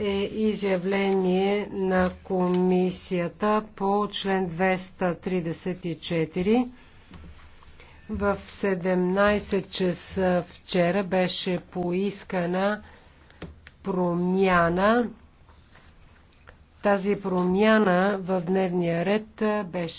е изявление на комисията по член 234. В 17 часа вчера беше поискана промяна. Тази промяна в дневния ред беше